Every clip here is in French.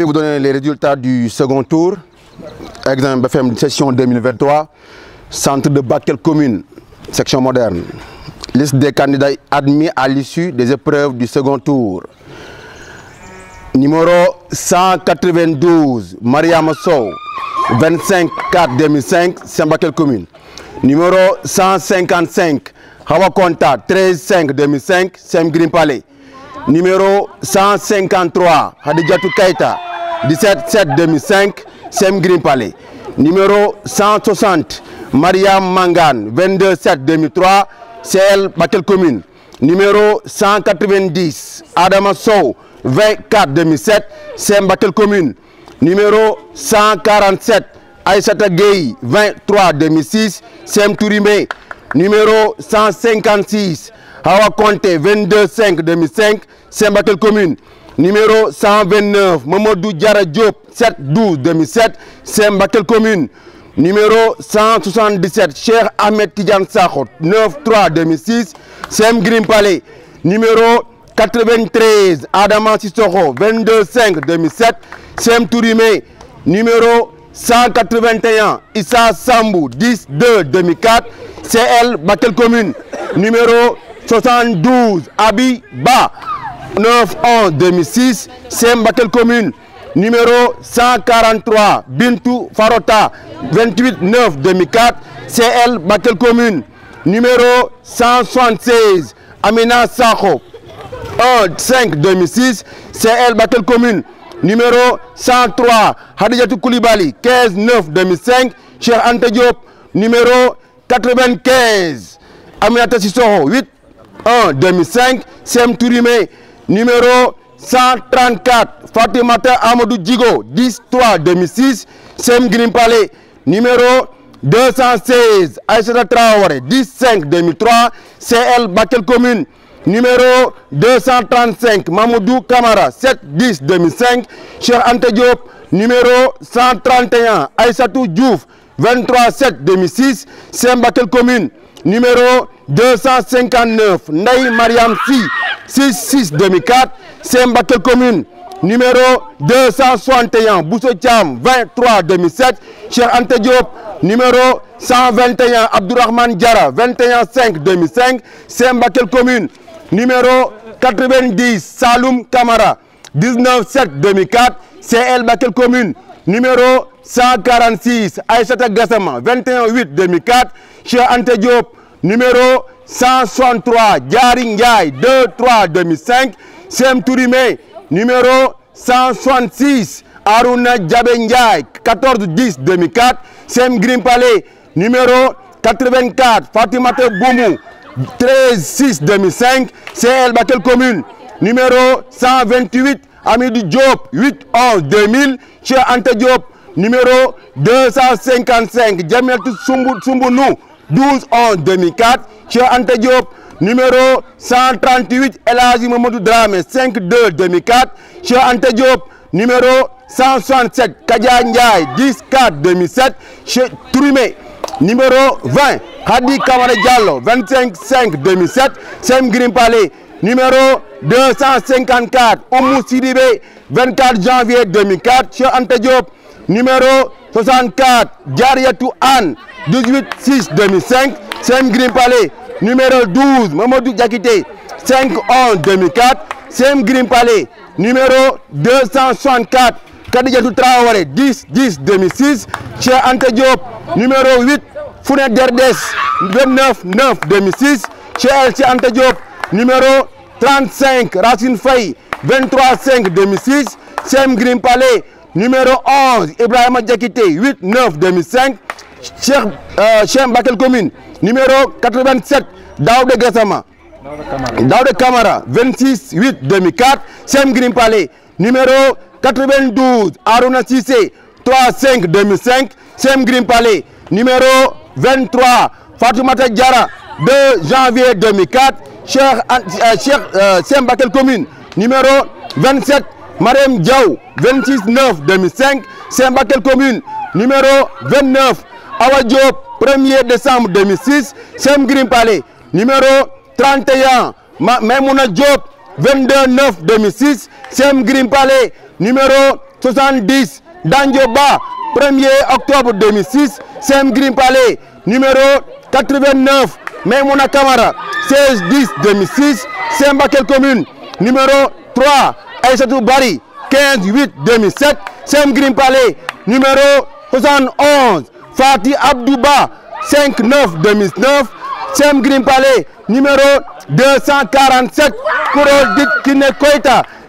Je vais vous donner les résultats du second tour. Exemple BFM session 2023, centre de Bakel commune, section moderne. Liste des candidats admis à l'issue des épreuves du second tour. Numéro 192, Maria Massou. 25-4-2005, Saint-Bakel commune. Numéro 155, Hawa Konta. 13-5-2005, Saint-Green Palais. Numéro 153, Hadidjatou Kaita, 17 7 2005 Sem Green Palais numéro 160 Mariam Mangan 22 7 2003 CL Bakel commune numéro 190 Adama Sow 24 2007 Sem Battle commune numéro 147 Aïssata Gueye 23 2006 Sem Tourimé numéro 156 Hawa Conte 22 5 2005 Sem Battle commune numéro 129 Mamadou Diara Diop 7 12 2007 saint commune numéro 177 Cher Ahmed Tidiane Sakho 9 3 2006 Sem Grim Palais numéro 93 Adama Sissoko 22 5 2007 Sem Tourimé numéro 181 Issa Sambou 10 2 2004 CL Bakel commune numéro 72 Abi Ba 9-1-2006, Battle commune, numéro 143, Bintou Farota, 28-9-2004, CL Battle commune, numéro 176, Amina Sakho, 1-5-2006, CL Battle commune, numéro 103, Hadijatou Koulibaly, 15-9-2005, Cher Ante Diop, numéro 95, Aminata Sissoro, 8-1-2005, CM Tourimé, numéro 134, Fatimata Amadou Djigo, 10 2006 Sem Green Palais, numéro 216, Aïchata Traoré, 10-5-2003, CL Bakel Commune, numéro 235, Mamoudou Kamara, 7-10-2005, Cher Ante Diop, numéro 131, Aïssatou Djouf 23-7-2006, Sem Bakel Commune, numéro 259, Naï Mariam 6 2004 saint commune numéro 261 Bousso-Tcham, 23 2007 Cheikh Ante Diop numéro 121 Abdourahmane Diara 21 5 2005 saint commune numéro 90 Saloum Kamara 19 7 2004 CL Bakel commune numéro 146 Aïssata Gassama 21 8 2004 Cheikh Ante Diop numéro 163 Jari 2 3 2005 Sem Tourimé numéro 166 Aruna Diabé 14 10 2004 Sem Green Palais numéro 84 Fatimata Boumou 13 6 2005 CL Battle Commune numéro 128 Amidi Diop 8 11 2000 Chez Ante Diop numéro 255 Djamel Soumbounou 12 11 2004 Chez Ante numéro 138 El Mamadou 5 2 2004 Chez Ante Diop numéro 167 Kadia Ndiaye 10 4 2007 Chez Trumé numéro 20 Hadi Diallo 25 5 2007 Sem Green Palais numéro 254 Oumou 24 janvier 2004 Chez Ante numéro 64 Diariatou Anne 18-6-2005, Sem Green Palais, numéro 12, Mamadou Diakité, 5-11-2004, Sem Green Palais, numéro 264, Kadijatou Traoré, 10-10-2006, Chez Ante Diop, numéro 8, Founet Derdes, 29-9-2006, Chez Diop, numéro 35, Racine Faye, 23-5-2006, Sem Green Palais, numéro 11, Ibrahima Diakité, 8-9-2005, Cheikh, euh, Bakel Commune, numéro 87, Daoud Gassama. Daoud Kamara, 26-8-2004. Cheikh Green Palais, numéro 92, Aruna Sissé, 3-5-2005. Cheikh Green Palais, numéro 23, Fatoumata Diara, 2 janvier 2004. Cheikh, euh, Cheikh, euh, Bakel Commune, numéro 27, Marem Diaw, 26-9-2005. Cheikh Bakel Commune, numéro 29, Awa Diop 1er décembre 2006 Sem Green Palais numéro 31 Maimouna Job, 22 9 2006 Sem Green Palais numéro 70 Dandioba 1er octobre 2006 Sem Green Palais numéro 89 Maimouna Kamara 16 10 2006 Saint-Bakel commune numéro 3 Aïssatou Bari 15 8 2007 Sem Green Palais numéro 71 Fatih Abdouba 5-9 2009 Sem Green Palais numéro 247 Kourol Dit 28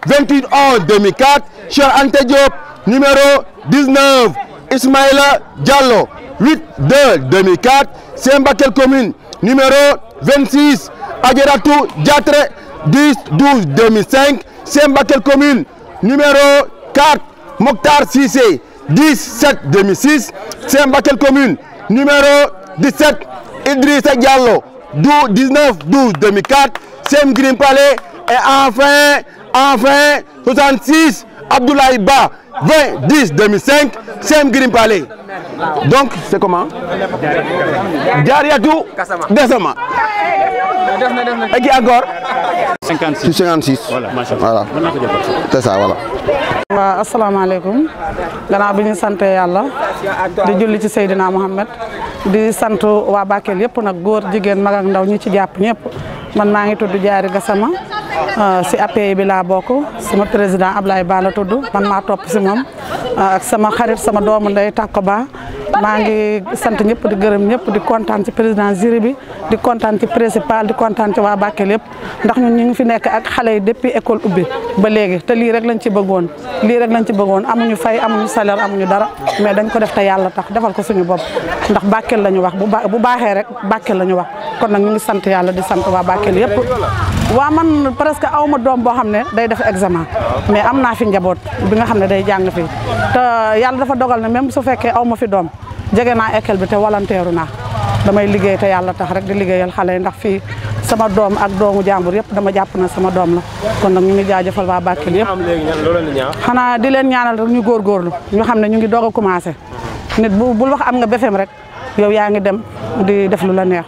11 2004 Cher Ante Diop numéro 19 Ismaïla Diallo 8 2 2004 Sembakel commune numéro 26 Ageratou Diatre 10 12 2005 Sembakel commune numéro 4 Mokhtar Sissé 17 2006 c'est commune numéro 17 Idrissa Diallo 19 12 2004 un Green Palais et enfin enfin 66 Abdoulaye Ba 20 10 2005 un Green Palais donc c'est comment Diariatou Dessama. assalamualaikum yi encore. 56 56. allah di julli ci Sayyidina Muhammad di sant waa Bakel yëpp nag góor jigéen mag ak ndaw ñu ci jàpp ñëpp man maa ngi tudd Gassama euh, bi sama président Ablaye man euh, ak sama xarit sama doomu ndey Ba. maa ngi sant ñëpp di gërëm ñëpp di kontaan ci président jury bi di kontaan ci principal di kontaan ci waa Bakel yëpp ndax ñun ñu ngi fi nekk ak xale yi depuis école ubbi ba léegi te lii rek lañ ci bëggoon lii rek lañ ci bëggoon amuñu fay amuñu salaire amuñu dara mais dañ ko def te yàlla tax defal ko suñu bopp ndax Bakel la ñu wax bu baaxee rek Bakel la ñu wax kon nag ñu ngi sant yàlla di sant waa Bakel yëpp wa man presque awma dom bo xamne day def examen mais amna fi njabot bi nga xamne day jang fi te yalla dafa dogal na même su fekke awma fi dom jege na école bi te walanteeru naa damay liggéey te yalla tax rek di liggéeyal xalé ndax fi sama dom ak domu jambour yep dama japp na sama dom la kon nak ñu ngi jaajëfal waa Bakel yëpp xana di len ñaanal rek ñu góorgóorlu ñu xamne ñu ngi doga commencer nit bu bul wax am nga befem rek yow yaangi dem di def lu la neex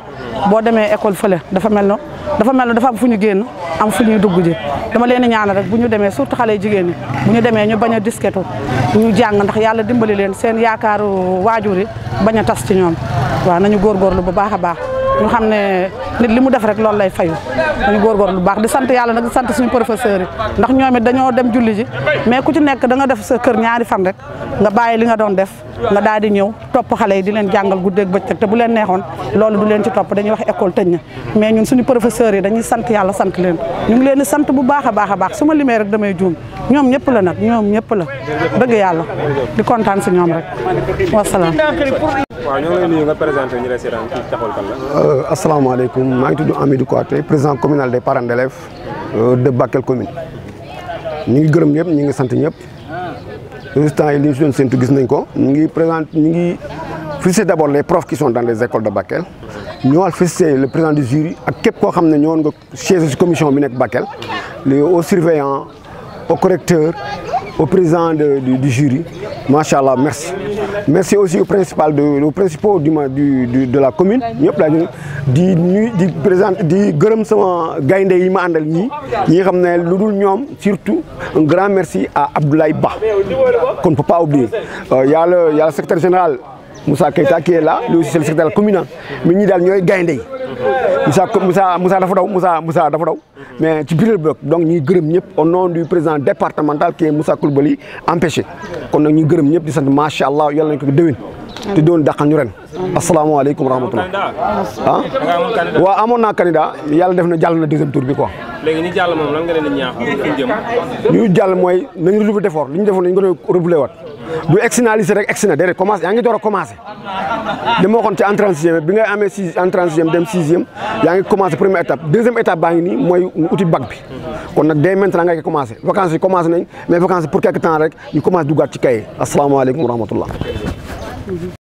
bo demee école fële dafa melno dafa mel ne dafa am fu ñu génn am fu ñuy dugg ji dama leen ñaan rek bu ñu demee surtout xale jigéen bu ñu demee ñu bañ a disketu ñu jàng ndax yàlla dimbali leen seen yaakaaru waajur yi bañ a tas ci ñoom waaw nañu góorgóorlu bu baax a baax ñu xam ne nit li mu def rek loolu lay fayu dañu góorgóorlu bu baax di sant yàlla nag di sant suñu professeurs yi ndax ñoom it dañoo dem julli ji mais ku ci nekk da nga def sa kër ñaari fan rek nga bàyyi li nga doon def nga daal di ñëw topp xale yi di leen jàngal guddeeg bëccëg te bu leen neexoon loolu du leen ci topp dañuy wax école tëj na mais ñun suñu professeurs yi dañuy sant yàlla sant leen ñu ngi leen di sant bu baax a baax a baax su ma limee rek damay juum ñoom ñëpp la nag Je suis président communal des parents d'élèves euh, de Bakel commune Nous sommes tous Nous les Nous d'abord les profs qui sont dans les écoles de Bakel Nous le président du jury ak képp point nous sommes commission bi Bakel les hauts surveillants aux correcteurs au président du jury. Machallah, merci. Merci aussi au principal de, aux principaux du, de la commune. du, surtout un grand merci à Abdoulaye Ba qu'on ne peut pas oublier. Il y a le secrétaire général. Moussa Keita qui est là lui aussi c'est le secrétaire communal mais nous sommes tous gaynde yi Moussa Moussa Moussa dafa daw Moussa Moussa dafa daw mais ci le bloc donc nous sommes tous au nom du président départemental qui est Moussa Koulibaly empêché Donc nous sommes tous ñep di sante ma sha Allah yalla nañ ko deewin te doon dakal ñu ren assalamu alaikum rahmatullah ah wa amon na candidat yalla def na jall na deuxième tour bi quoi légui ni jall mom lan nga leni ñaax ñu jëm ñu jall moy nañu renouveler effort liñ defoon nañ ko renouveler wat bu externalisé rek externe déedéet commencé yaa ngi door a commencé dama waxoon ci en transième bi ngay amee si en transième dem sixième yaa ngi commencé première étape deuxième étape baa ngi ni mooy outil bac bi kon nag dès maintenant ngay commencé vacances yi commencé nañ mais vacances pour quelque temps rek ñu commencé duggaat ci kay asalaamaaleykum wa rahmatullah